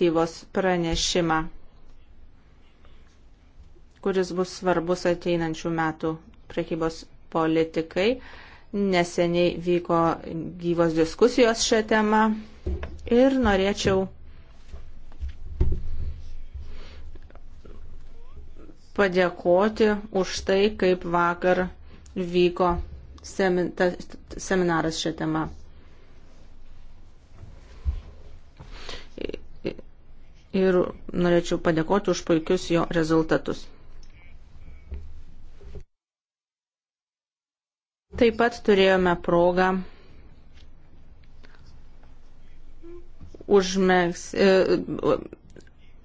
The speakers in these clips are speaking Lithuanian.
direktyvos pranešimą, kuris bus svarbus ateinančių metų prekybos politikai. Neseniai vyko gyvos diskusijos šią temą ir norėčiau padėkoti už tai, kaip vakar vyko semin ta, seminaras šią temą. ir norėčiau padėkoti už puikius jo rezultatus. Taip pat turėjome progą užmėgs, e,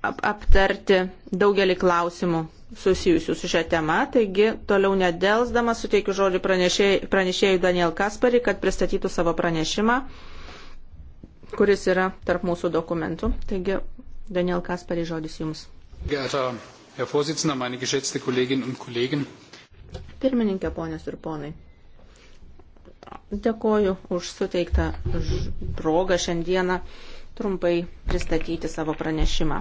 ap, aptarti daugelį klausimų susijusių su šią temą. Taigi, toliau nedelsdamas suteikiu žodį pranešėjui, pranešėjui Daniel Kasparį, kad pristatytų savo pranešimą, kuris yra tarp mūsų dokumentų. Taigi, Daniel Kaspari, žodis Jums. Pirmininkė, ponios ir ponai. Dėkoju už suteiktą progą šiandieną trumpai pristatyti savo pranešimą.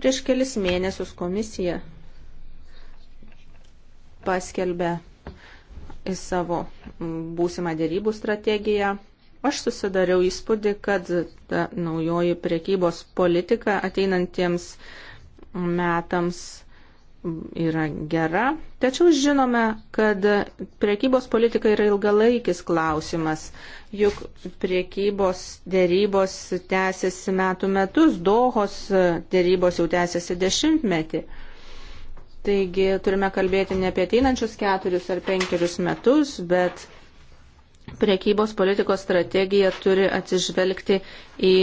Prieš kelis mėnesius komisija paskelbė į savo būsimą dėrybų strategiją Aš susidariau įspūdį, kad ta naujoji priekybos politika ateinantiems metams yra gera, tačiau žinome, kad priekybos politika yra ilgalaikis klausimas, juk priekybos dėrybos tęsiasi metų metus, dohos dėrybos jau tęsiasi dešimtmetį. Taigi turime kalbėti ne apie ateinančius keturis ar penkerius metus, bet Priekybos politikos strategija turi atsižvelgti į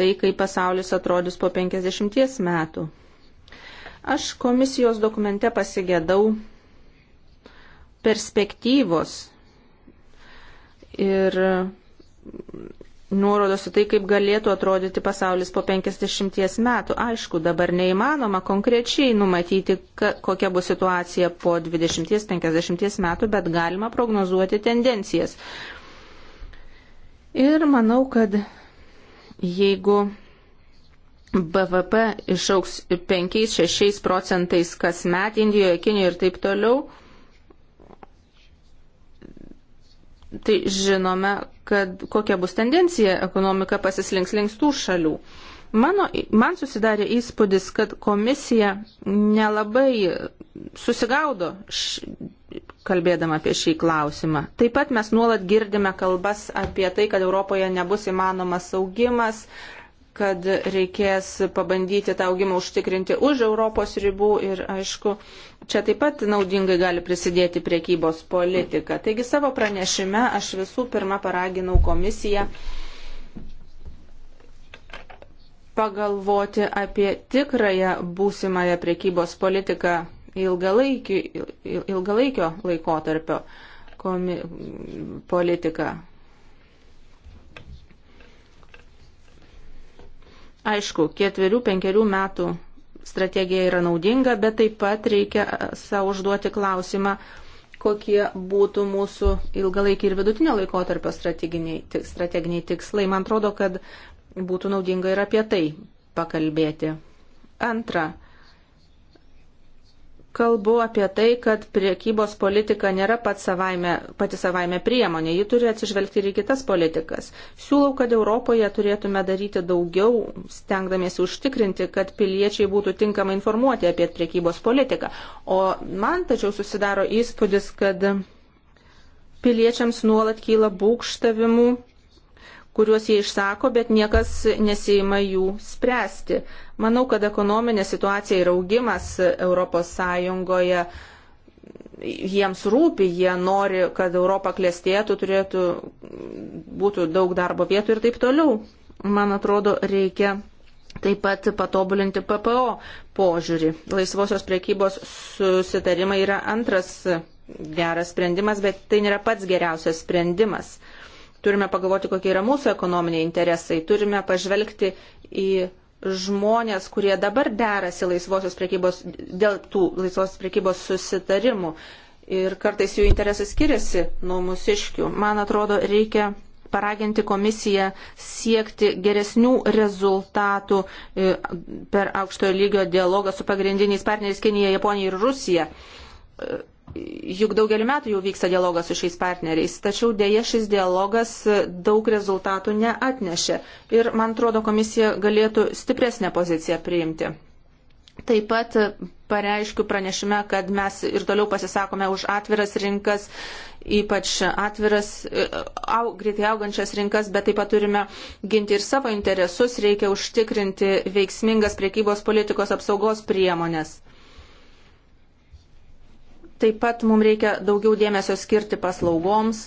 tai, kaip pasaulis atrodys po 50 metų. Aš komisijos dokumente pasigėdau perspektyvos ir nuorodos į tai, kaip galėtų atrodyti pasaulis po 50 metų. Aišku, dabar neįmanoma konkrečiai numatyti, kokia bus situacija po 20-50 metų, bet galima prognozuoti tendencijas. Ir manau, kad jeigu BVP išauks 5-6 procentais kasmet Indijoje, Kinijoje ir taip toliau, tai žinome, kad kokia bus tendencija ekonomika pasislinks linkstų šalių. Mano, man susidarė įspūdis, kad komisija nelabai susigaudo š, kalbėdama apie šį klausimą. Taip pat mes nuolat girdime kalbas apie tai, kad Europoje nebus įmanomas augimas, kad reikės pabandyti tą augimą užtikrinti už Europos ribų ir, aišku, čia taip pat naudingai gali prisidėti priekybos politika. Taigi savo pranešime aš visų pirma paraginau komisiją pagalvoti apie tikrąją būsimąją priekybos politiką ilgalaikio laikotarpio komi, politiką Aišku, ketverių, penkerių metų strategija yra naudinga, bet taip pat reikia e, savo užduoti klausimą, kokie būtų mūsų ilgalaikiai ir vidutinio laikotarpio strateginiai, strateginiai tikslai. Man atrodo, kad būtų naudinga ir apie tai pakalbėti. Antra, kalbu apie tai, kad priekybos politika nėra pat savaime, pati savaime priemonė, ji turi atsižvelgti ir į kitas politikas. Siūlau, kad Europoje turėtume daryti daugiau, stengdamiesi užtikrinti, kad piliečiai būtų tinkamai informuoti apie priekybos politiką. O man tačiau susidaro įspūdis, kad piliečiams nuolat kyla būkštavimų kuriuos jie išsako, bet niekas nesima jų spręsti. Manau, kad ekonominė situacija ir augimas ES jiems rūpi, jie nori, kad Europa klėstėtų, turėtų būtų daug darbo vietų ir taip toliau. Man atrodo, reikia taip pat patobulinti PPO požiūrį. Laisvosios priekybos susitarimai yra antras geras sprendimas, bet tai nėra pats geriausias sprendimas. Turime pagalvoti, kokie yra mūsų ekonominiai interesai. Turime pažvelgti į žmonės, kurie dabar derasi laisvosios priekybos, dėl tų laisvosios priekybos susitarimų. Ir kartais jų interesai skiriasi nuo mūsiškių. Man atrodo, reikia paraginti komisiją siekti geresnių rezultatų e, per aukštojo lygio dialogą su pagrindiniais partneriais Kinija, Japonija ir Rusija. E, juk daugelį metų jau vyksta dialogas su šiais partneriais, tačiau dėja šis dialogas daug rezultatų neatnešė ir, man atrodo, komisija galėtų stipresnę poziciją priimti. Taip pat pareiškiu pranešime, kad mes ir toliau pasisakome už atviras rinkas, ypač atviras, au, greitai augančias rinkas, bet taip pat turime ginti ir savo interesus, reikia užtikrinti veiksmingas priekybos politikos apsaugos priemonės. Taip pat mums reikia daugiau dėmesio skirti paslaugoms.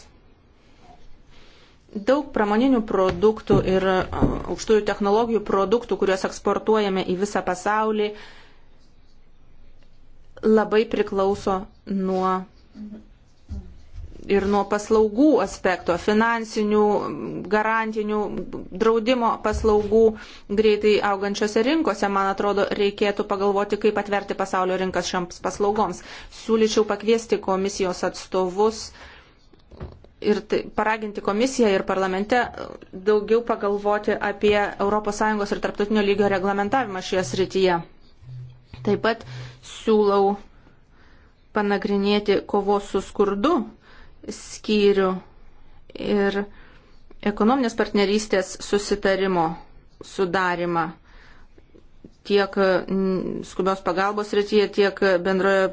Daug pramoninių produktų ir aukštųjų technologijų produktų, kuriuos eksportuojame į visą pasaulį, labai priklauso nuo ir nuo paslaugų aspekto, finansinių, garantinių, draudimo paslaugų greitai augančiose rinkose, man atrodo, reikėtų pagalvoti, kaip atverti pasaulio rinkas šiams paslaugoms. Siūlyčiau pakviesti komisijos atstovus ir tai, paraginti komisiją ir parlamente daugiau pagalvoti apie ES ir tarptautinio lygio reglamentavimą šioje srityje. Taip pat siūlau panagrinėti kovos su skurdu skyrių ir ekonominės partnerystės susitarimo sudarimą tiek skubios pagalbos rytyje, tiek bendroje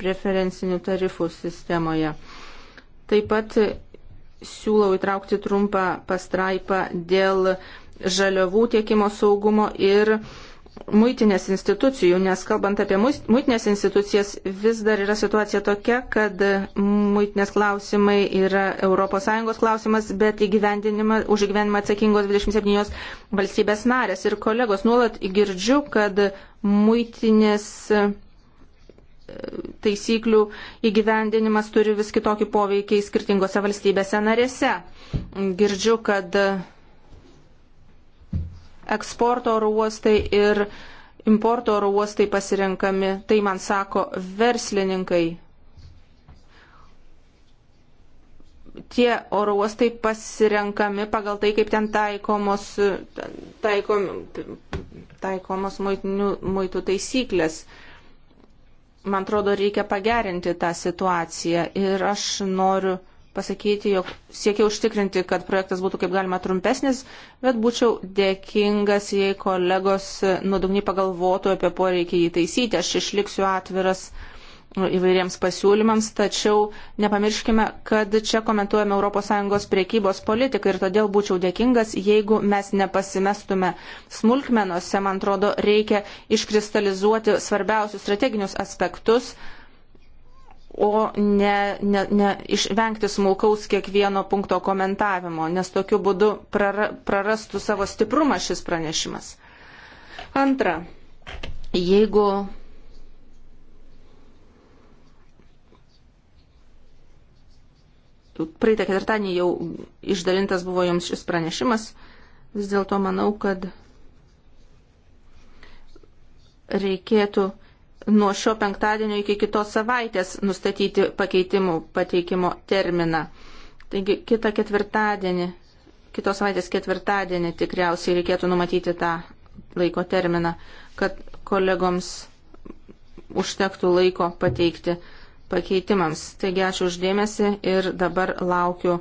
preferencinių tarifų sistemoje. Taip pat siūlau įtraukti trumpą pastraipą dėl žaliavų tiekimo saugumo ir uh, muitinės institucijų, nes kalbant apie muitinės institucijas, vis dar yra situacija tokia, kad muitinės klausimai yra ES klausimas, bet už įgyvenimą atsakingos 27 valstybės narės. Ir kolegos, nuolat girdžiu, kad muitinės e, taisyklių įgyvendinimas turi vis kitokį poveikį skirtingose valstybėse narėse. Girdžiu, kad eksporto oro uostai ir importo oro uostai pasirenkami. Tai man sako verslininkai. Tie oro uostai pasirenkami pagal tai, kaip ten taikomos, taikom, taikomos muitinių, muitų taisyklės. Man atrodo, reikia pagerinti tą situaciją ir aš noriu pasakyti, jog siekiau užtikrinti, kad projektas būtų kaip galima trumpesnis, bet būčiau dėkingas, jei kolegos nuodugniai pagalvotų apie poreikį jį taisyti. Aš išliksiu atviras įvairiems pasiūlymams, tačiau nepamirškime, kad čia komentuojame ES priekybos politiką ir todėl būčiau dėkingas, jeigu mes nepasimestume smulkmenose, man atrodo, reikia iškristalizuoti svarbiausius strateginius aspektus o ne, ne, ne išvengti smulkaus kiekvieno punkto komentavimo, nes tokiu būdu prara, prarastų savo stiprumą šis pranešimas. Antra, jeigu praeitą ketvirtadienį jau išdalintas buvo jums šis pranešimas, vis dėlto manau, kad reikėtų nuo šio penktadienio iki kitos savaitės nustatyti pakeitimų pateikimo terminą. Taigi kitą ketvirtadienį, kitos savaitės ketvirtadienį tikriausiai reikėtų numatyti tą laiko terminą, kad kolegoms užtektų laiko pateikti pakeitimams. Taigi ačiū uždėmesi ir dabar laukiu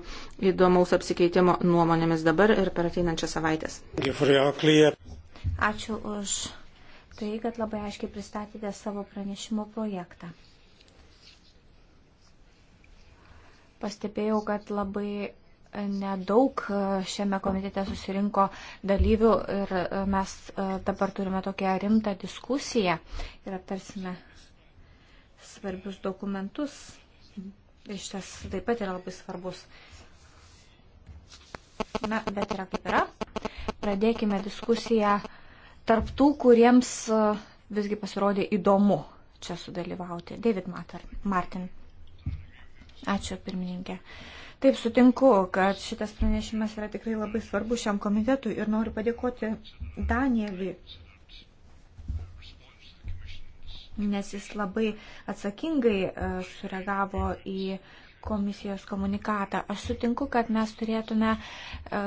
įdomaus apsikeitimo nuomonėmis dabar ir per ateinančią savaitę. Ačiū už tai, kad labai aiškiai pristatėte savo pranešimo projektą. Pastebėjau, kad labai nedaug šiame komitete susirinko dalyvių ir mes dabar turime tokią rimtą diskusiją ir aptarsime svarbius dokumentus. Iš tas taip pat yra labai svarbus. Na, bet yra kaip yra. Pradėkime diskusiją tarptų, kuriems e, visgi pasirodė įdomu čia sudalyvauti. David Martin. Ačiū, pirmininkė. Taip, sutinku, kad šitas pranešimas yra tikrai labai svarbus šiam komitetui ir noriu padėkoti Danieliui, nes jis labai atsakingai e, sureagavo į komisijos komunikatą. Aš sutinku, kad mes turėtume e,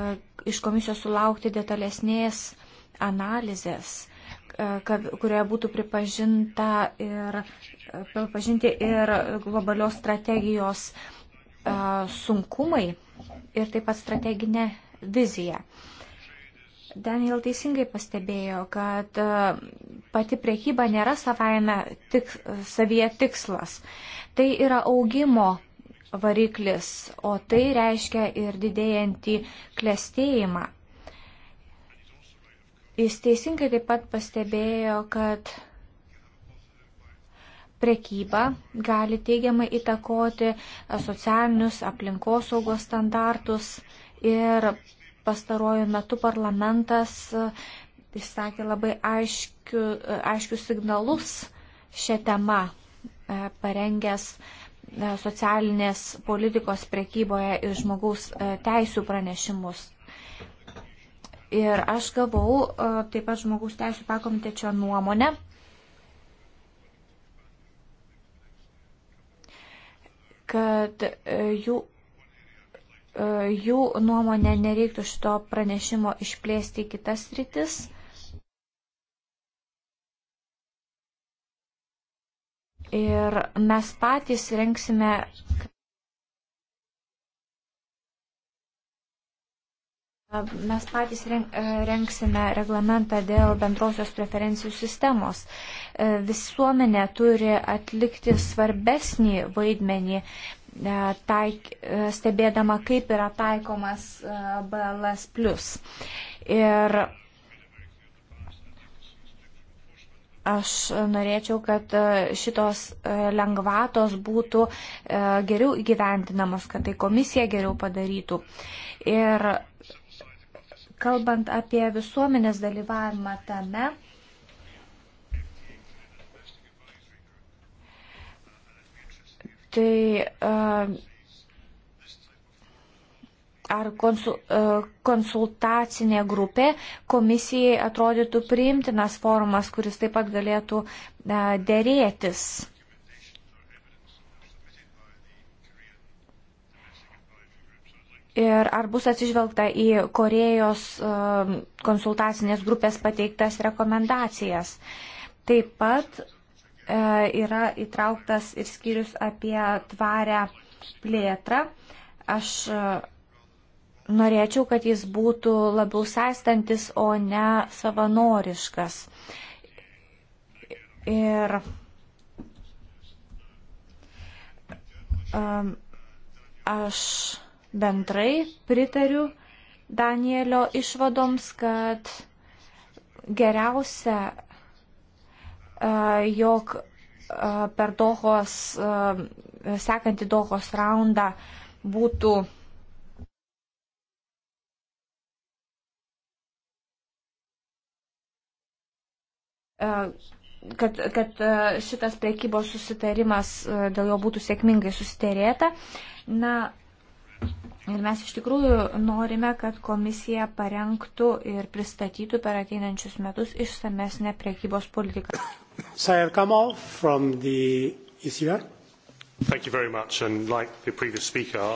iš komisijos sulaukti detalesnės uh, analizės, e, kurioje būtų pripažinta ir, e, pripažinti ir globalios strategijos e, sunkumai ir taip pat strateginė vizija. Daniel teisingai pastebėjo, kad pati priekyba nėra savaime tik, savyje tikslas. Tai yra augimo variklis, o tai reiškia ir didėjantį klėstėjimą. Jis teisingai taip pat pastebėjo, kad prekyba gali teigiamai įtakoti socialinius aplinkosaugos standartus ir pastaruoju metu parlamentas išsakė labai aiškių, aiškius signalus šią temą, e, parengęs e, socialinės politikos prekyboje ir žmogaus e, teisų pranešimus. Ir aš gavau e, taip pat žmogaus teisų pakomitečio nuomonę. kad e, jų, e, jų nuomonė nereiktų šito pranešimo išplėsti į kitas rytis. Ir mes patys renksime Mes patys e, renksime reglamentą dėl bendrosios preferencijų sistemos. E, visuomenė turi atlikti svarbesnį vaidmenį, e, taik, stebėdama, kaip yra taikomas BLS. Ir aš norėčiau, kad šitos lengvatos būtų geriau įgyvendinamos, kad tai komisija geriau padarytų. Ir kalbant apie visuomenės dalyvavimą tame, tai ar konsultacinė grupė komisijai atrodytų priimtinas formas, kuris taip pat galėtų dėrėtis. ir ar bus atsižvelgta į Korejos um, konsultacinės grupės pateiktas rekomendacijas. Taip pat e, yra įtrauktas ir skyrius apie tvarę plėtrą. Aš e, norėčiau, kad jis būtų labiau saistantis, o ne savanoriškas. Ir um, aš bendrai pritariu Danielio išvadoms, kad geriausia, jog per Dohos, sekantį Dohos raundą būtų kad, kad šitas priekybos susitarimas dėl jo būtų sėkmingai susitarėta. Na, Ir mes iš tikrųjų norime, kad komisija parengtų ir pristatytų per ateinančius metus išsamesnę priekybos politiką. Sayed Kamal from the ECR. Thank you very much and like the previous speaker.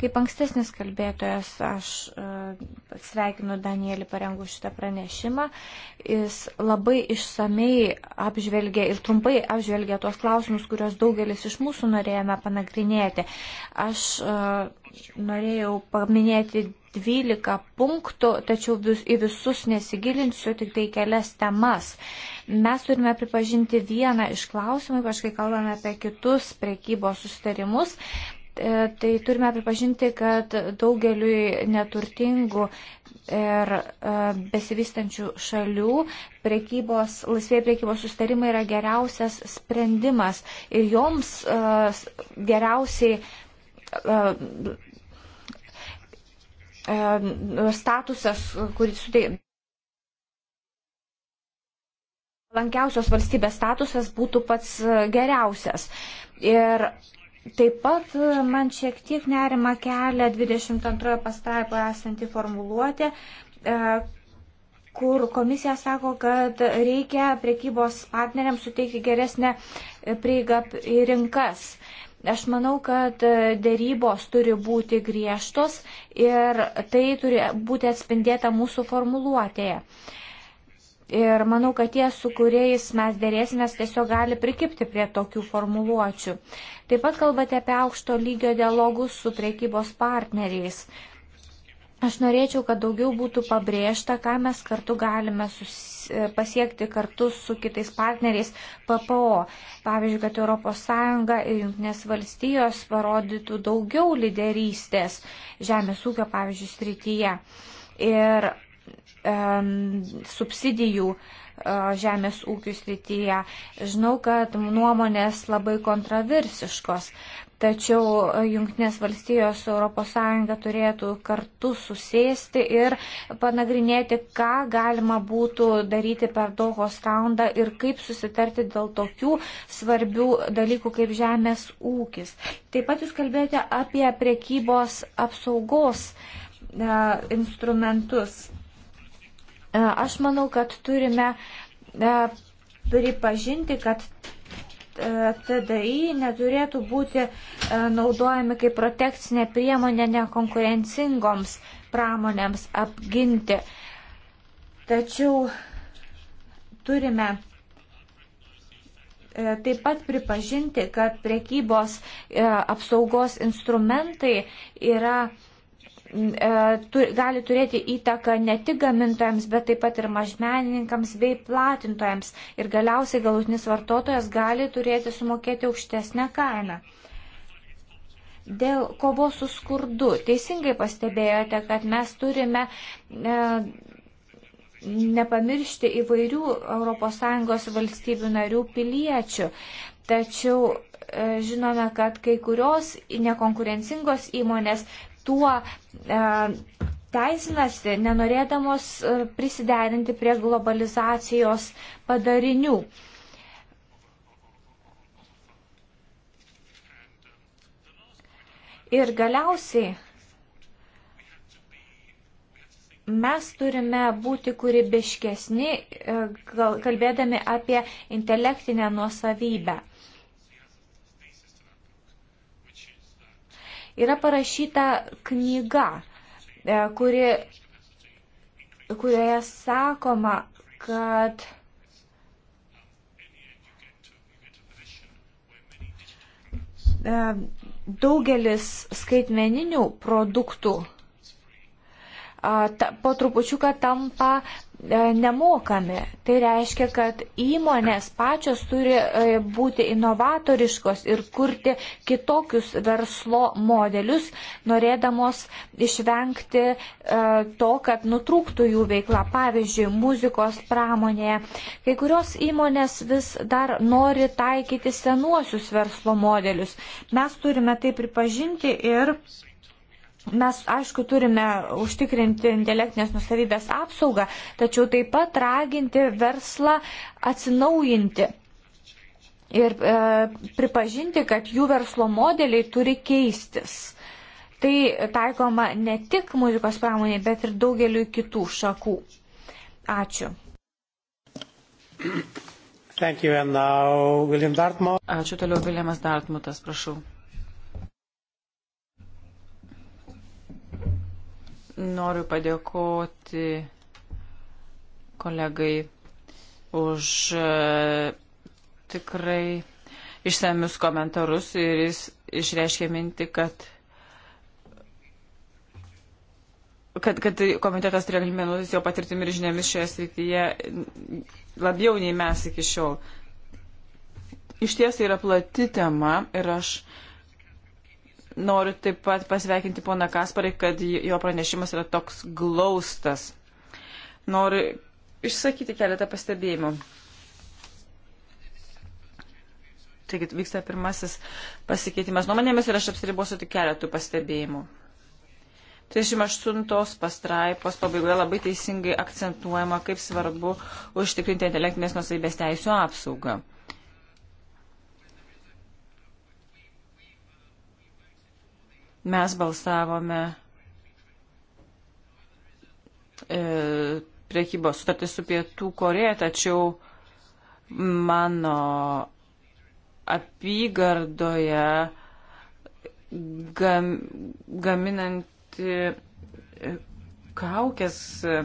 Kaip ankstesnis kalbėtojas, aš e, sveikinu Danielį parengus šitą pranešimą. Jis labai išsamei apžvelgė ir trumpai apžvelgė tuos klausimus, kuriuos daugelis iš mūsų norėjome panagrinėti. Aš e, norėjau paminėti 12 punktų, tačiau vis, į visus nesigilinsiu, tik tai kelias temas. Mes turime pripažinti vieną iš klausimų, ypač kai kalbame apie kitus prekybos sustarimus, E, tai turime pripažinti, kad daugeliui neturtingų ir e, besivystančių šalių priekybos, laisvėje priekybos sustarimai yra geriausias sprendimas ir joms e, geriausiai statusas, kuris suteikia. Lankiausios valstybės statusas būtų pats geriausias. Ir Taip pat e, man šiek tiek nerima kelia 22 pastraipoje esanti formuluotė, e, kur komisija sako, kad reikia priekybos partneriams suteikti geresnę e, prieigą į rinkas. Aš manau, kad dėrybos turi būti griežtos ir tai turi būti atspindėta mūsų formuluotėje. Uh, Ir manau, kad tie, su kuriais mes dėrėsimės, tiesiog gali prikipti prie tokių formuluočių. Taip pat kalbate apie aukšto lygio dialogus su priekybos partneriais. Aš norėčiau, kad daugiau būtų pabrėžta, ką mes kartu galime sus, e, pasiekti kartu su kitais partneriais PPO. Pavyzdžiui, kad ES ir Junktinės valstijos parodytų daugiau lyderystės žemės ūkio, pavyzdžiui, srityje. Ir subsidijų e, žemės ūkių srityje. Žinau, kad nuomonės labai kontraversiškos, tačiau e, Junktinės valstijos ES turėtų kartu susėsti ir panagrinėti, ką galima būtų daryti per Dohos raundą ir kaip susitarti dėl tokių svarbių dalykų kaip žemės ūkis. Taip pat jūs kalbėjote apie prekybos apsaugos e, instrumentus. E, aš manau, kad turime e, pripažinti, kad e, TDI neturėtų būti naudojami kaip protekcinė priemonė nekonkurencingoms pramonėms apginti. Tačiau turime taip pat pripažinti, kad prekybos apsaugos instrumentai yra E, gali turėti įtaką ne tik gamintojams, bet taip pat ir mažmenininkams bei platintojams. Ir galiausiai galutinis vartotojas gali turėti sumokėti aukštesnę kainą. Dėl kovos su skurdu. Teisingai pastebėjote, kad mes turime e, nepamiršti įvairių ES valstybių narių piliečių. Tačiau e, žinome, kad kai kurios nekonkurencingos įmonės tuo e, teisinasi, nenorėdamos e, prisiderinti prie globalizacijos padarinių. Ir galiausiai mes turime būti kūrybiškesni, e, kalbėdami apie intelektinę nuosavybę. Yra parašyta knyga, e, kuri, kurioje sakoma, kad e, daugelis skaitmeninių produktų po trupučiuką tampa E, nemokami. Tai reiškia, kad įmonės pačios turi e, būti inovatoriškos ir kurti kitokius verslo modelius, norėdamos išvengti e, to, kad nutrūktų jų veikla. Pavyzdžiui, muzikos pramonėje. Kai kurios įmonės vis dar nori taikyti senuosius verslo modelius. Mes turime tai pripažinti ir Mes, aišku, turime užtikrinti intelektinės nusavybės apsaugą, tačiau taip pat raginti verslą atsinaujinti ir e, pripažinti, kad jų verslo modeliai turi keistis. Tai taikoma ne tik muzikos pramoniai, bet ir daugeliu kitų šakų. Ačiū. Ačiū toliau, Viljamas Dartmutas, prašau. Noriu padėkoti kolegai už e, tikrai išsamius komentarus ir jis išreiškė mintį, kad kad, kad tai komitetas turėjo galimybę naudotis jo patirtimi ir žiniomis šioje srityje labiau nei mes iki šiol. Iš ties tai yra plati tema ir aš uh, Noriu taip pat pasveikinti poną Kasparį, kad jo pranešimas yra toks glaustas. Noriu išsakyti keletą pastebėjimų. Taigi vyksta pirmasis pasikeitimas nuomonėmis ir aš apsiribosiu tik keletų pastebėjimų. 38 pastraipos pabaigoje labai teisingai akcentuojama, kaip svarbu užtikrinti intelektinės nusaibės teisų apsaugą. Mes balsavome e, priekybos sutartį su Pietų Koreja, tačiau mano apygardoje gam, gaminanti e, kaukės, e,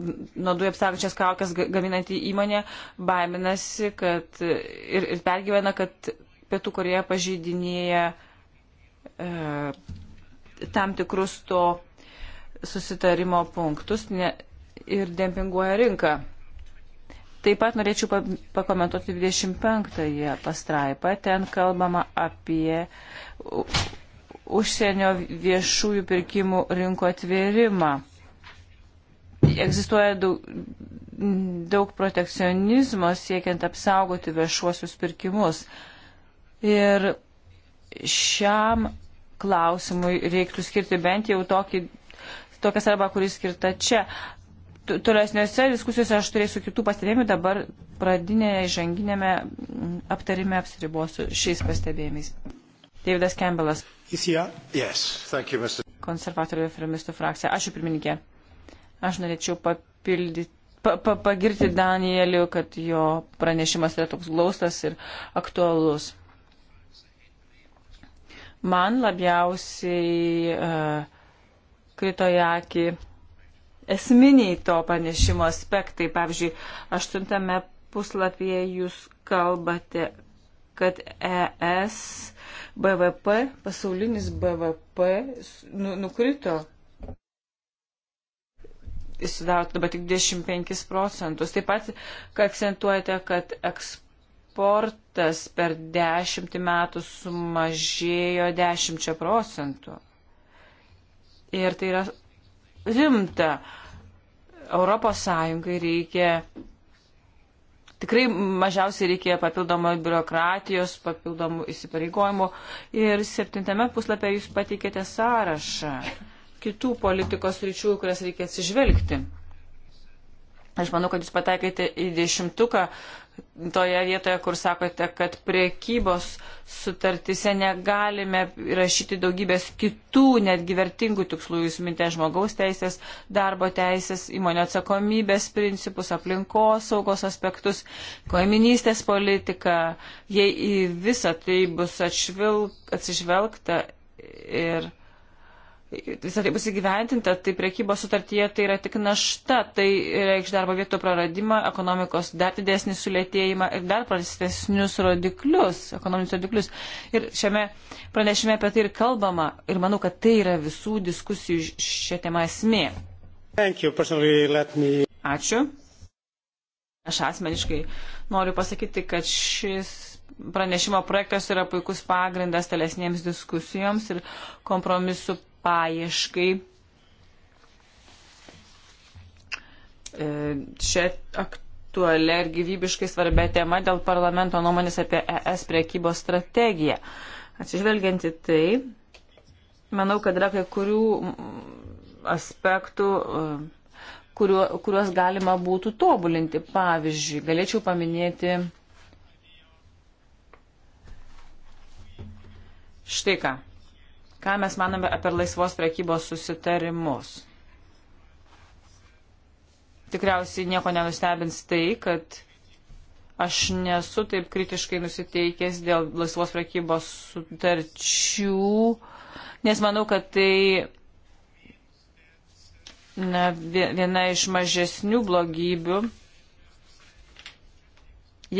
nuo dujų apsakančias kaukės gaminanti įmonė baiminasi kad, ir, ir pergyvena, kad Pietų Koreja pažeidinėja uh, E, tam tikrus to susitarimo punktus ne, ir dempinguoja rinką. Taip pat norėčiau pakomentuoti 25 pastraipą. Ten kalbama apie užsienio viešųjų pirkimų rinko atvėrimą. Egzistuoja daug, daug protekcionizmo siekiant apsaugoti viešuosius pirkimus. Ir šiam klausimui reiktų skirti bent jau tokį, tokią svarbą, kuris skirta čia. Tolesniuose diskusijose aš turėsiu kitų pastebėjimų, dabar pradinėje įžanginėme aptarime apsiribosiu šiais pastebėjimais. Davidas Campbellas. Yes. You, Konservatorių reformistų frakcija. Ačiū pirmininkė. Aš norėčiau papildyti. Pa, pa, pagirti Danieliu, kad jo pranešimas yra toks glaustas ir aktualus. Man labiausiai uh, krito į akį esminiai to pranešimo aspektai. Pavyzdžiui, aštuntame puslapyje jūs kalbate, kad ES BVP, pasaulinis BVP nu, nukrito. Jis sudaro dabar tik 25 procentus. Taip pat, kad akcentuojate, kad eksportas eksportas per dešimtį metų sumažėjo dešimčia procentų. Ir tai yra rimta. Europos Sąjungai reikia, tikrai mažiausiai reikia papildomų biurokratijos, papildomų įsipareigojimų. Ir septintame puslapė jūs pateikėte sąrašą kitų politikos ryčių, kurias reikia atsižvelgti. Aš manau, kad jūs patekėte į dešimtuką, toje vietoje, kur sakote, kad priekybos sutartise negalime rašyti daugybės kitų netgi vertingų tikslų, jūs mintė žmogaus teisės, darbo teisės, įmonio atsakomybės principus, aplinkos saugos aspektus, koiminystės politiką, jei į visą tai bus atšvilg, atsižvelgta ir visą tai bus įgyventinta, tai priekybos sutartyje tai yra tik našta, tai reikš darbo vietų praradimą, ekonomikos dar didesnį sulėtėjimą ir dar prastesnius rodiklius, ekonominius rodiklius. Ir šiame pranešime apie tai ir kalbama ir manau, kad tai yra visų diskusijų šią temą esmė. Me... Ačiū. Aš asmeniškai noriu pasakyti, kad šis pranešimo projektas yra puikus pagrindas tolesnėms diskusijoms ir kompromisų paieškai. E, čia aktualia ir gyvybiškai svarbia tema dėl parlamento nuomonės apie ES priekybos strategiją. Atsižvelgianti tai, manau, kad yra kai kurių aspektų, e, kuriuo, kuriuos galima būtų tobulinti. Pavyzdžiui, galėčiau paminėti štai ką. Ką mes manome apie laisvos prekybos susitarimus? Tikriausiai nieko nenustebins tai, kad aš nesu taip kritiškai nusiteikęs dėl laisvos prekybos sutarčių, nes manau, kad tai na, viena iš mažesnių blogybių,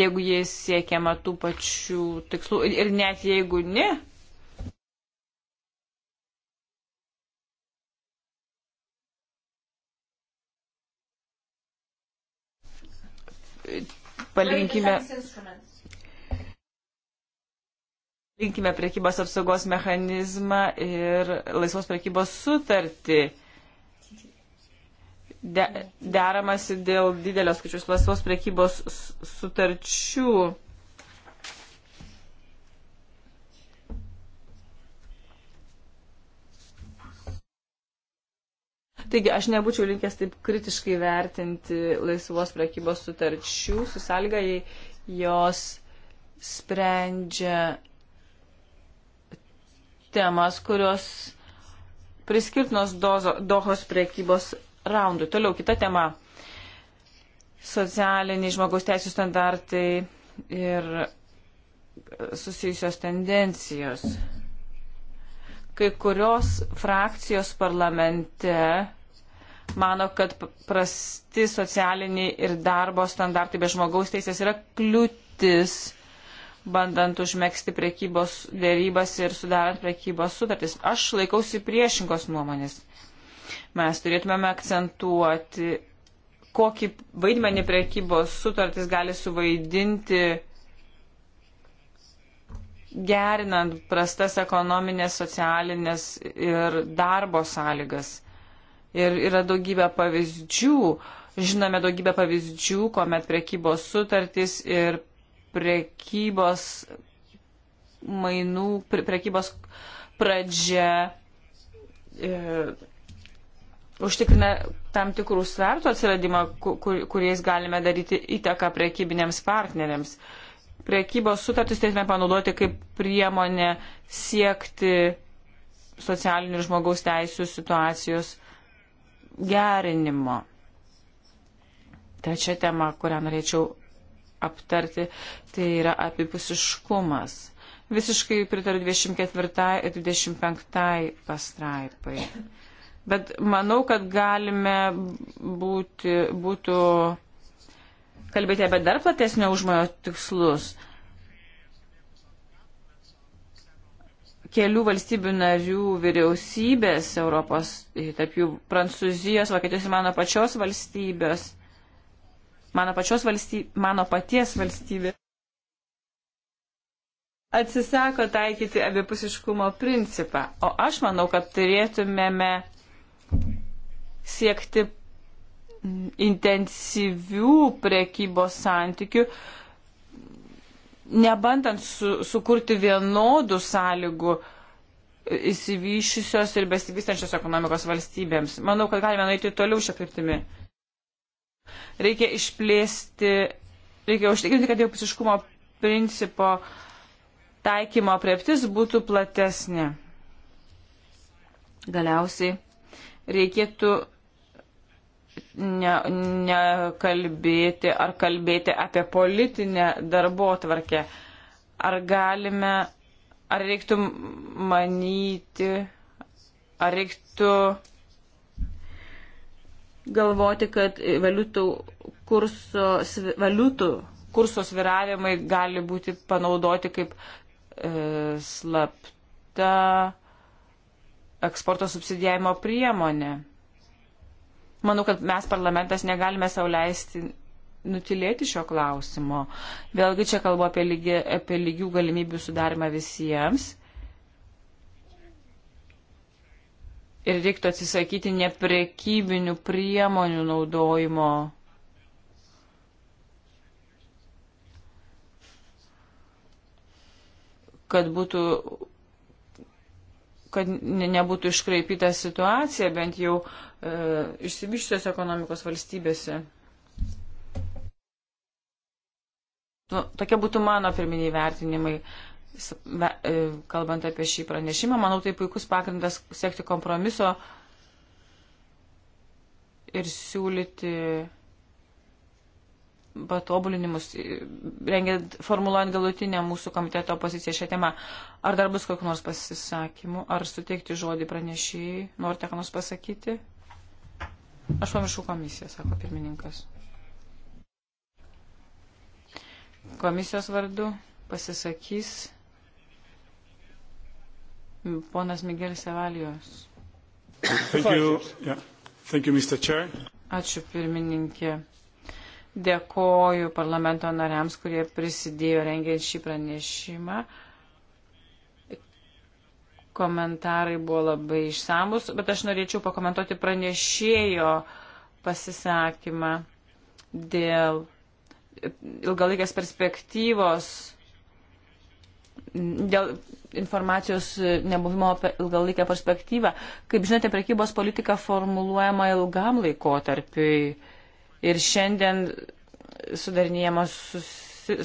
jeigu jais siekiama tų pačių tikslų. Ir net jeigu ne, palinkime. Linkime priekybos apsaugos mechanizmą ir laisvos priekybos sutartį. De, deramasi dėl didelio skaičius laisvos priekybos sutarčių Taigi aš nebūčiau linkęs taip kritiškai vertinti laisvos prekybos sutarčių su sąlyga, jei jos sprendžia temas, kurios priskirtinos dozo, dohos prekybos raundui. Toliau kita tema - socialiniai žmogaus teisų standartai ir susijusios tendencijos. Kai kurios frakcijos parlamente mano, kad prasti socialiniai ir darbo standartai be žmogaus teisės yra kliūtis, bandant užmėgsti prekybos dėrybas ir sudarant prekybos sutartis. Aš laikausi priešingos nuomonės. Mes turėtumėme akcentuoti, kokį vaidmenį prekybos sutartis gali suvaidinti gerinant prastas ekonominės, socialinės ir darbo sąlygas Ir yra daugybė pavyzdžių, žinome daugybę pavyzdžių, kuomet prekybos sutartys ir prekybos mainų, prekybos pradžia e, užtikrina tam tikrų svertų atsiradimą, kur, kuriais galime daryti įtaką prekybinėms partneriams. Prekybos sutartis turėtume panaudoti kaip priemonę siekti socialinių ir žmogaus teisų situacijos gerinimo. Trečia tema, kurią norėčiau aptarti, tai yra apipusiškumas. Visiškai pritariu 24 ir 25 pastraipai. Bet manau, kad galime būti, būtų kalbėti apie dar platesnio užmojo tikslus. Uh, kelių valstybių narių vyriausybės Europos, tarp jų Prancūzijos, Vokietijos ir mano pačios valstybės, mano, pačios valstybė, mano paties valstybė, atsisako taikyti abipusiškumo principą. O aš manau, kad turėtumėme siekti intensyvių prekybos santykių, nebandant su, sukurti vienodų sąlygų įsivyšiusios ir besivystančios ekonomikos valstybėms. Manau, kad galime nueiti toliau šią kryptimį. Reikia išplėsti, reikia užtikrinti, kad jau pusiškumo principo taikymo prieptis būtų platesnė. Galiausiai reikėtų nekalbėti ne, ne ar kalbėti apie politinę darbo tvarkę. Ar galime, ar reiktų manyti, ar reiktų galvoti, kad valiutų kurso, valiutų kurso sviravimai gali būti panaudoti kaip e, slapta eksporto subsidijavimo priemonė. Manau, kad mes parlamentas negalime sauliaisti nutilėti šio klausimo. Vėlgi čia kalbu apie, lygi, apie lygių galimybių sudarimą visiems. Ir reiktų atsisakyti neprekybinių priemonių naudojimo. kad būtų kad nebūtų iškraipyta situacija bent jau e, išsivyščios ekonomikos valstybėse. Nu, tokie būtų mano pirminiai vertinimai, e, kalbant apie šį pranešimą. Manau, tai puikus pagrindas siekti kompromiso ir siūlyti patobulinimus, e, rengiant, formuluojant galutinę mūsų komiteto poziciją šią temą. Ar dar bus kokiu nors pasisakymu, ar suteikti žodį pranešėjai, norite ką nors pasakyti? Aš pamiršau komisiją, sako pirmininkas. Komisijos vardu pasisakys ponas Miguelis Evalijos. Thank you. Yeah. Thank you, Mr. Chair. Ačiū pirmininkė. Dėkoju parlamento nariams, kurie prisidėjo rengiant šį pranešimą. Komentarai buvo labai išsamus, bet aš norėčiau pakomentuoti pranešėjo pasisakymą dėl ilgalaikės perspektyvos, dėl informacijos nebuvimo apie ilgalaikę perspektyvą. Kaip žinote, prekybos politika formuluojama ilgam laikotarpiui ir šiandien sudarinėjamos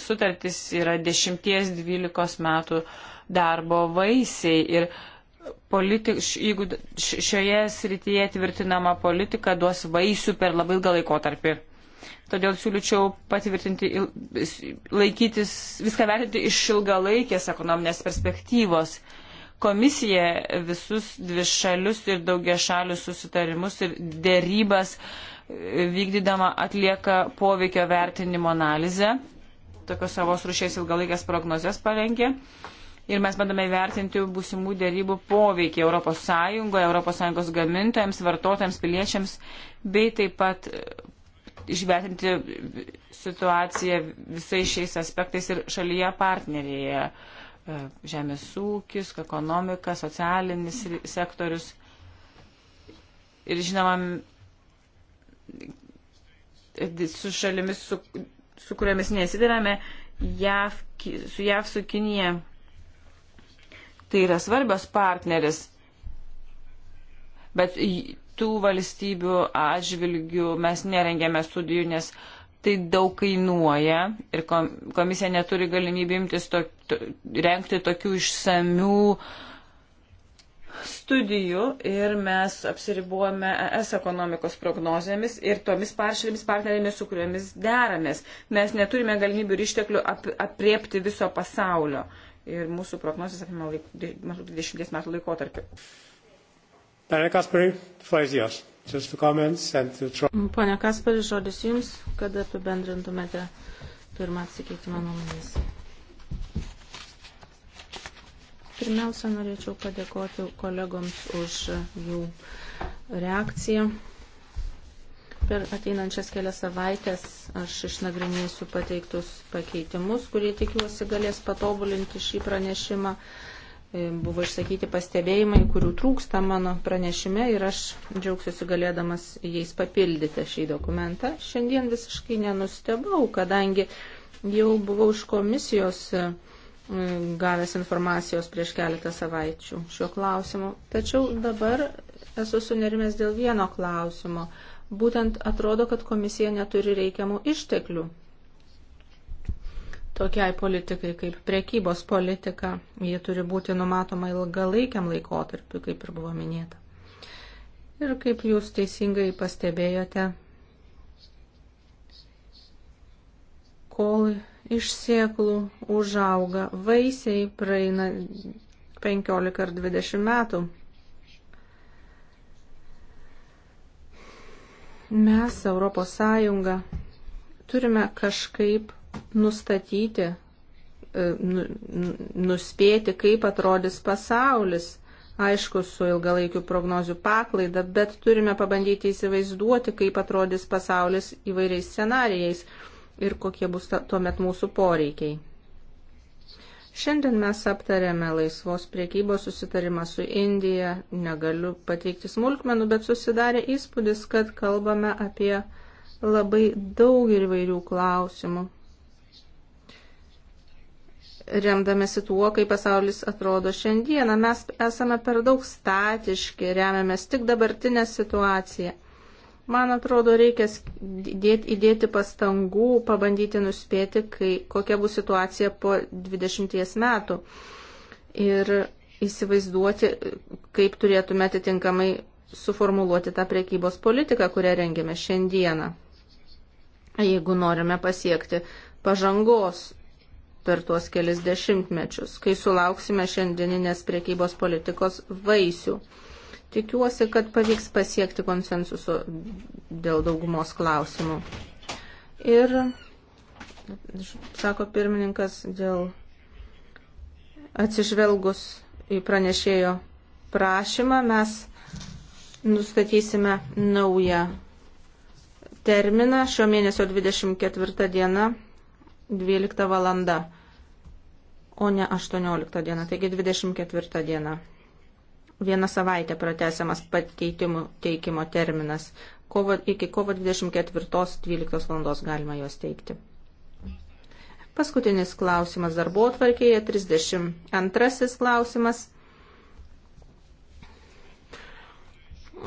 sutartys yra 10-12 metų darbo vaisiai ir politik, jeigu šioje srityje tvirtinama politika duos vaisių per labai ilgą laikotarpį. Todėl siūlyčiau patvirtinti, laikytis, viską vertinti iš ilgalaikės ekonominės perspektyvos. Komisija visus dvišalius ir daugiašalius susitarimus ir dėrybas uh, vykdydama atlieka poveikio vertinimo analizę, tokios savos rušės ilgalaikės prognozes parengė. Ir mes bandome vertinti būsimų dėrybų poveikį ES, ES gamintojams, vartotojams, piliečiams, bei taip pat e, išvertinti situaciją visais šiais aspektais ir šalyje partnerėje. E, žemės ūkis, ekonomika, socialinis sektorius. Ir žinoma, su šalimis, su, su kuriomis nesidarame, JAV, su JAV, su Kinija. Tai yra svarbios partneris. Bet tų valstybių atžvilgių mes nerengėme studijų, nes tai daug kainuoja ir komisija neturi galimybę imtis to, to, renkti tokių išsamių uh, studijų ir mes apsiribuojame ES ekonomikos prognozėmis ir tomis paršalėmis partnerėmis, su kuriomis deramės. Mes neturime galimybių ir išteklių ap, apriepti viso pasaulio. Ir mūsų prognozijas apima maždaug 20 metų laikotarpį. Pone Kasperi, žodis Jums, kad apibendrintumėte pirmą atsikeitimą nuomonės. Pirmiausia, norėčiau padėkoti kolegoms už jų reakciją. Per ateinančias kelias savaitės aš išnagrinėsiu pateiktus pakeitimus, kurie tikiuosi galės patobulinti šį pranešimą. E, Buvo išsakyti pastebėjimai, kurių trūksta mano pranešime ir aš džiaugsiuosi galėdamas jais papildyti šį dokumentą. Šiandien visiškai nenustebau, kadangi jau buvau iš komisijos e, gavęs informacijos prieš keletą savaičių šiuo klausimu. Tačiau dabar esu sunerimęs dėl vieno klausimo. Būtent atrodo, kad komisija neturi reikiamų išteklių tokiai politikai kaip priekybos politika. Ji turi būti numatoma ilgalaikiam laikotarpiu, kaip ir buvo minėta. Ir kaip jūs teisingai pastebėjote, kol iš sieklų užauga vaisiai, praeina 15 ar 20 metų. Mes, Europos Sąjunga, turime kažkaip nustatyti, e, nu, nuspėti, kaip atrodys pasaulis, aišku, su ilgalaikiu prognozių paklaida, bet turime pabandyti įsivaizduoti, kaip atrodys pasaulis įvairiais scenarijais ir kokie bus tuomet mūsų poreikiai. Šiandien mes aptarėme laisvos priekybos susitarimą su Indija, negaliu pateikti smulkmenų, bet susidarė įspūdis, kad kalbame apie labai daug ir vairių klausimų. Remdamėsi tuo, kaip pasaulis atrodo šiandieną, mes esame per daug statiški, remiamės tik dabartinę situaciją. Man atrodo, reikia dėti, įdėti pastangų, pabandyti nuspėti, kai, kokia bus situacija po 20 metų. Ir įsivaizduoti, kaip turėtume atitinkamai suformuluoti tą priekybos politiką, kurią rengiame šiandieną. Jeigu norime pasiekti pažangos per tuos kelis dešimtmečius, kai sulauksime šiandieninės priekybos politikos vaisių. Tikiuosi, kad pavyks pasiekti konsensuso dėl daugumos klausimų. Ir, sako pirmininkas, dėl atsižvelgus į pranešėjo prašymą mes nustatysime naują terminą šio mėnesio 24 diena 12 valanda, o ne 18 diena, taigi 24 diena vieną savaitę pratesiamas pakeitimų teikimo terminas. Kovo, iki kovo 24.12 val. galima juos teikti. Paskutinis klausimas darbo atvarkėje, 32 klausimas.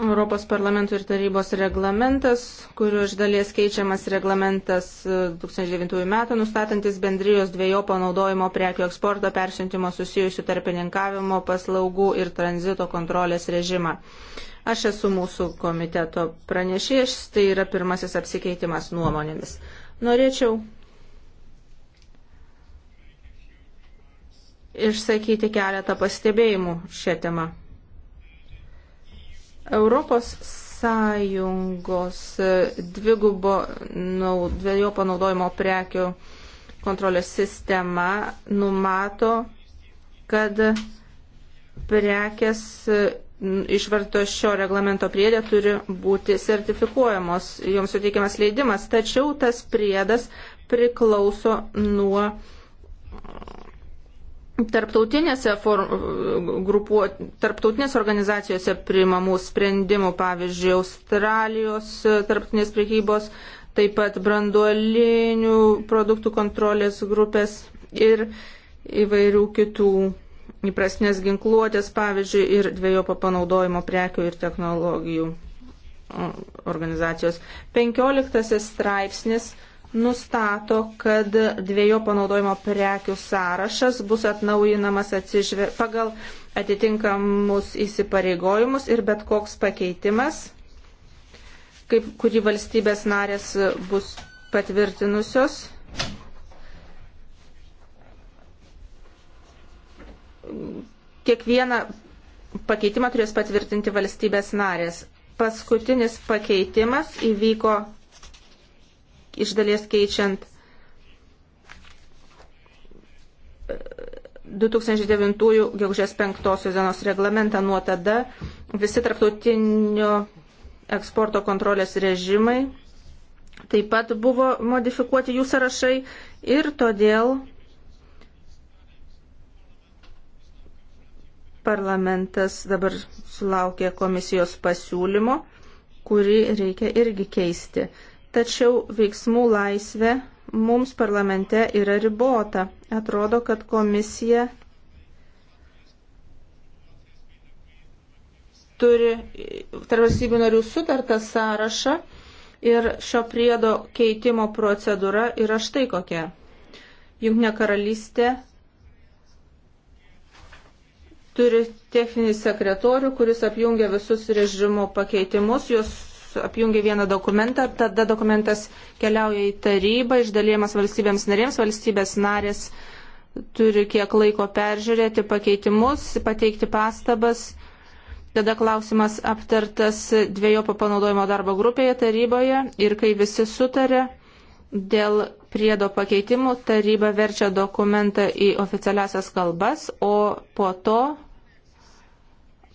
Europos parlamento ir tarybos reglamentas, kuriuo iš dalies keičiamas reglamentas 2009 e, metų nustatantis bendrijos dviejo panaudojimo prekių eksporto persiuntimo susijusių tarpininkavimo paslaugų ir tranzito kontrolės režimą. Aš esu mūsų komiteto pranešėjas, tai yra pirmasis apsikeitimas nuomonėmis. Norėčiau išsakyti keletą pastebėjimų šią temą. Europos Sąjungos dvigubo dviejų panaudojimo prekių kontrolės sistema numato, kad prekės išvarto šio reglamento priedė turi būti sertifikuojamos, joms suteikiamas leidimas, tačiau tas priedas priklauso nuo tarptautinėse, for, grupuo, tarptautinėse organizacijose primamų sprendimų, pavyzdžiui, Australijos e, tarptautinės priekybos, taip pat branduolinių produktų kontrolės grupės ir įvairių kitų įprasnės ginkluotės, pavyzdžiui, ir dviejopo panaudojimo prekių ir technologijų organizacijos. 15 straipsnis nustato, kad dviejų panaudojimo prekių sąrašas bus atnaujinamas atsižver... pagal atitinkamus įsipareigojimus ir bet koks pakeitimas, kaip, kurį valstybės narės bus patvirtinusios. Kiekvieną pakeitimą turės patvirtinti valstybės narės. Paskutinis pakeitimas įvyko iš dalies keičiant 2009 e, gegužės 5 dienos reglamentą nuo tada visi tarptautinio eksporto kontrolės režimai taip pat buvo modifikuoti jų sąrašai ir todėl parlamentas dabar sulaukė komisijos pasiūlymo, kurį reikia irgi keisti. Tačiau veiksmų laisvė mums parlamente yra ribota. Atrodo, kad komisija turi tarp valstybių narių sutartą sąrašą ir šio priedo keitimo procedūra yra štai kokia. Junknė karalystė turi techninį sekretorių, kuris apjungia visus režimo pakeitimus, juos apjungia vieną dokumentą, tada dokumentas keliauja į tarybą, išdalėjamas valstybėms narėms, valstybės narės turi kiek laiko peržiūrėti pakeitimus, pateikti pastabas. Tada klausimas aptartas dviejopo panaudojimo darbo grupėje taryboje ir kai visi sutarė dėl priedo pakeitimų, taryba verčia dokumentą į oficialiasias kalbas, o po to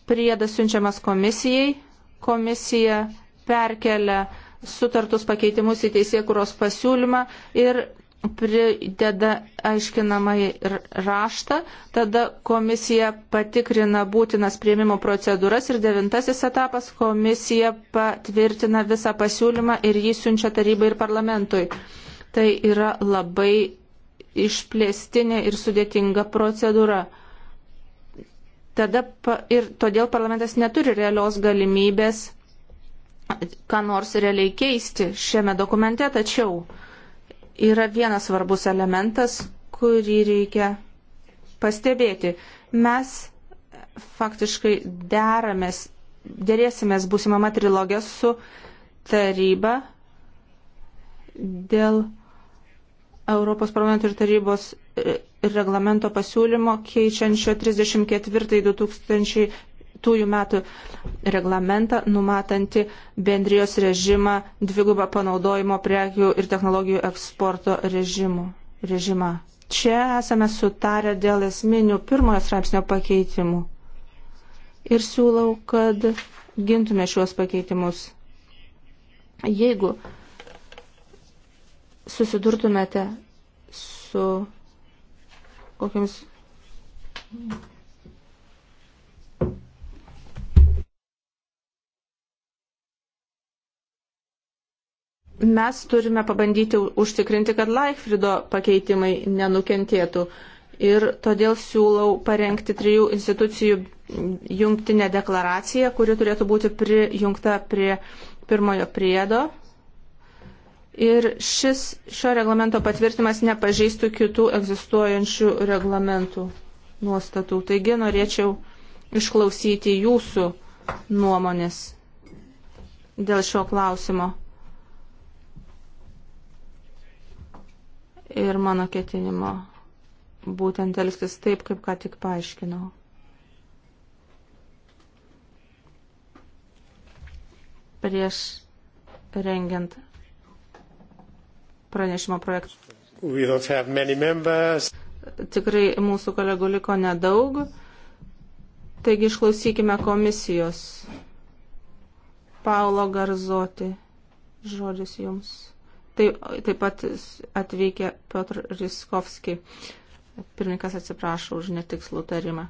priedas siunčiamas komisijai, komisija perkelia sutartus pakeitimus į teisėkuros pasiūlymą ir prideda aiškinamąjį raštą, tada komisija patikrina būtinas prieimimo procedūras ir devintasis etapas komisija patvirtina visą pasiūlymą ir jį siunčia tarybai ir parlamentui. Tai yra labai išplėstinė ir sudėtinga procedūra. Tada pa, ir todėl parlamentas neturi realios galimybės ką nors realiai keisti šiame dokumente, tačiau yra vienas svarbus elementas, kurį reikia pastebėti. Mes faktiškai deramės, dėrėsimės būsimama trilogija su taryba dėl Europos parlamento ir tarybos e, reglamento pasiūlymo keičiančio 34-2001 2009 metų reglamentą numatantį bendrijos režimą dvigubą panaudojimo prekių ir technologijų eksporto režimų, režimą. Čia esame sutarę dėl esminių pirmojo straipsnio pakeitimų ir siūlau, kad gintume šiuos pakeitimus. Jeigu susidurtumėte su kokiams mes turime pabandyti užtikrinti, kad Laikfrido pakeitimai nenukentėtų. Ir todėl siūlau parengti trijų institucijų jungtinę deklaraciją, kuri turėtų būti prijungta prie pirmojo priedo. Ir šis šio reglamento patvirtimas nepažeistų kitų egzistuojančių reglamentų nuostatų. Taigi norėčiau išklausyti jūsų nuomonės dėl šio klausimo. ir mano ketinimo būtent elgtis taip, kaip ką tik paaiškinau. Prieš rengiant pranešimo projektą. Tikrai mūsų kolegų liko nedaug, taigi išklausykime komisijos. Paulo Garzoti, žodis jums. Taip, taip pat atvykė Piotr Riskovski. Pirmininkas atsiprašo už netikslų tarimą.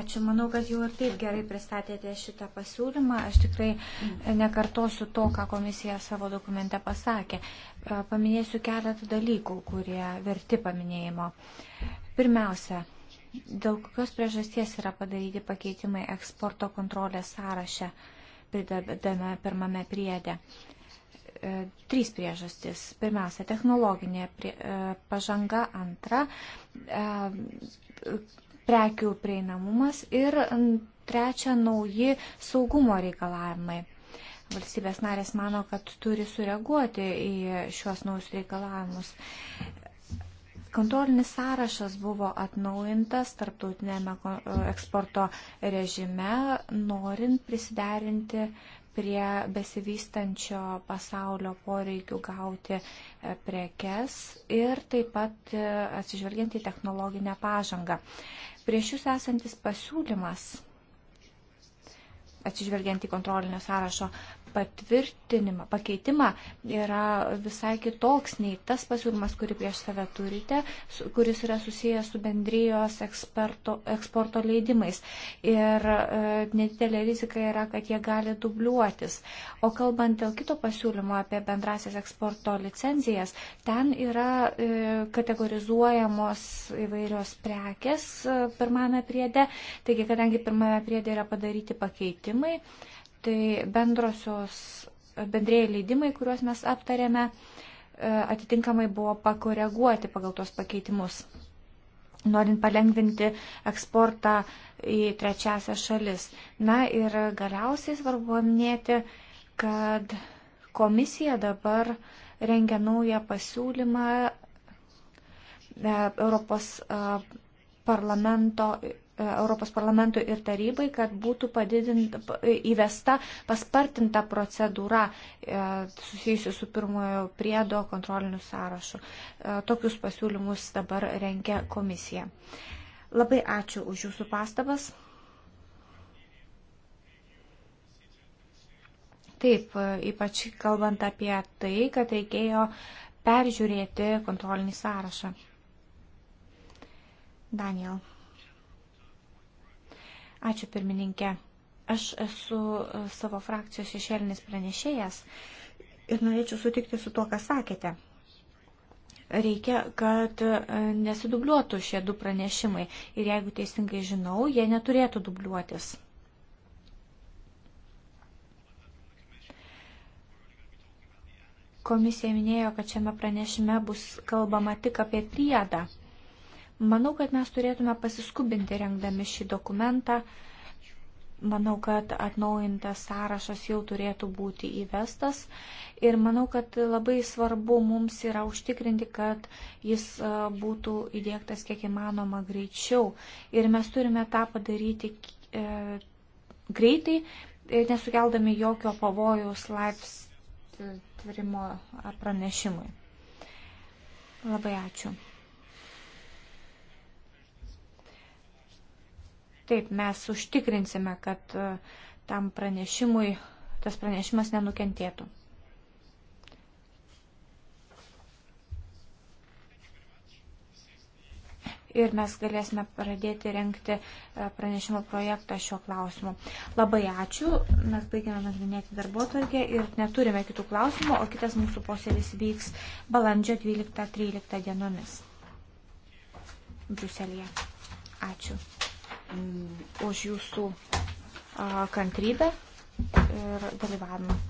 Ačiū, manau, kad jau ir taip gerai pristatėte šitą pasiūlymą. Aš tikrai nekartosiu to, ką komisija savo dokumente pasakė. E, paminėsiu keletą dalykų, kurie verti paminėjimo. Pirmiausia, dėl kokios priežasties yra padaryti pakeitimai eksporto kontrolės sąraše pridedame pirmame priedė. E, trys priežastys. Pirmiausia, technologinė e, pažanga, antra, e, prekių prieinamumas ir trečia, nauji saugumo reikalavimai valstybės narės mano, kad turi sureaguoti į šiuos naujus reikalavimus. Kontrolinis sąrašas buvo atnaujintas tarptautinėme eksporto režime, norint prisiderinti prie besivystančio pasaulio poreikių gauti e, prekes ir taip pat e, atsižvelgiant į technologinę pažangą. Prieš jūs esantis pasiūlymas, atsižvelgiant į kontrolinio sąrašo patvirtinimą, pakeitimą yra visai kitoks nei tas pasiūlymas, kurį prieš save turite, kuris yra susijęs su bendrijos eksperto, eksporto leidimais. Ir e, nedidelė rizika yra, kad jie gali dubliuotis. O kalbant dėl kito pasiūlymo apie bendrasias eksporto licenzijas, ten yra e, kategorizuojamos įvairios prekes e, pirmame priede. Taigi, kadangi pirmame priede yra padaryti pakeitimai, e, tai bendrosios, bendrėjai leidimai, kuriuos mes aptarėme, e, atitinkamai buvo pakoreguoti pagal tos pakeitimus, norint palengvinti eksportą į trečiasią šalis. Na ir galiausiai svarbu paminėti, kad komisija dabar rengia naują pasiūlymą e, Europos e, parlamento E, Europos parlamentui ir tarybai, kad būtų padidinta, e, įvesta paspartinta procedūra e, susijusi su pirmojo priedo kontroliniu sąrašu. Tokius pasiūlymus dabar rengia komisija. Labai ačiū už Jūsų pastabas. Taip, ypač kalbant apie tai, kad reikėjo peržiūrėti kontrolinį sąrašą. Daniel. Ačiū pirmininkė. Aš esu e, savo frakcijos šešėlinis pranešėjas ir norėčiau sutikti su tuo, ką sakėte. Reikia, kad e, nesidubliuotų šie du pranešimai ir jeigu teisingai žinau, jie neturėtų dubliuotis. Komisija minėjo, kad šiame pranešime bus kalbama tik apie priedą. Manau, kad mes turėtume pasiskubinti rengdami šį dokumentą. Manau, kad atnaujintas sąrašas jau turėtų būti įvestas ir manau, kad labai svarbu mums yra užtikrinti, kad jis e, būtų įdėktas kiek įmanoma greičiau. Ir mes turime tą padaryti e, greitai, e, nesukeldami jokio pavojaus laips tvirimo pranešimui. Labai ačiū. Taip, mes užtikrinsime, kad e, tam pranešimui tas pranešimas nenukentėtų. ir mes galėsime pradėti renkti e, pranešimo projektą šio klausimu. Labai ačiū, mes baigiame nagrinėti darbo tvarkę ir neturime kitų klausimų, o kitas mūsų posėdis vyks balandžio 12-13 dienomis. Bruselėje. Ačiū. Mm, už jūsų kantrybę ir dalyvavimą.